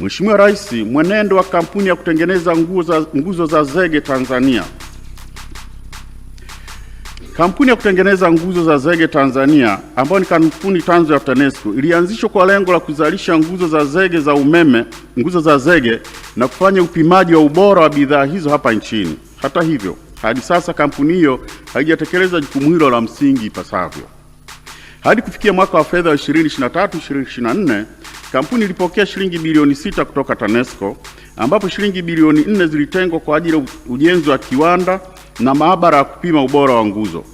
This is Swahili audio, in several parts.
Mheshimiwa Rais, mwenendo wa kampuni ya kutengeneza nguzo za, nguzo za zege Tanzania Kampuni ya kutengeneza nguzo za zege Tanzania ambayo ni kampuni tanzo ya TANESCO ilianzishwa kwa lengo la kuzalisha nguzo za zege za umeme, nguzo za zege na kufanya upimaji wa ubora wa bidhaa hizo hapa nchini. Hata hivyo, hadi sasa kampuni hiyo haijatekeleza jukumu hilo la msingi ipasavyo. Hadi kufikia mwaka wa fedha 2023 2024 Kampuni ilipokea shilingi bilioni sita kutoka TANESCO ambapo shilingi bilioni nne zilitengwa kwa ajili ya ujenzi wa kiwanda na maabara ya kupima ubora wa nguzo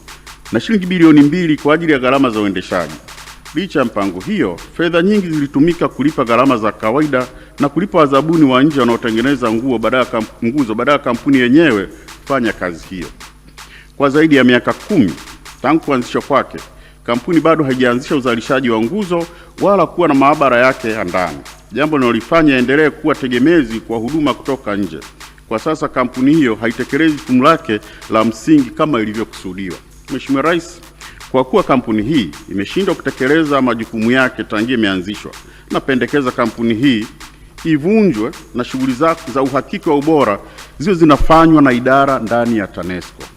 na shilingi bilioni mbili kwa ajili ya gharama za uendeshaji. Licha ya mpango hiyo, fedha nyingi zilitumika kulipa gharama za kawaida na kulipa wazabuni wa nje wanaotengeneza nguo badala ya nguzo badala ya kampuni yenyewe kufanya kazi hiyo. Kwa zaidi ya miaka kumi tangu kuanzishwa kwake kampuni bado haijaanzisha uzalishaji wa nguzo wala kuwa na maabara yake ya ndani, jambo linalolifanya endelee kuwa tegemezi kwa huduma kutoka nje. Kwa sasa kampuni hiyo haitekelezi jukumu lake la msingi kama ilivyokusudiwa. Mheshimiwa Rais, kwa kuwa kampuni hii imeshindwa kutekeleza majukumu yake tangia imeanzishwa, napendekeza kampuni hii ivunjwe na shughuli za uhakiki wa ubora ziwe zinafanywa na idara ndani ya TANESCO.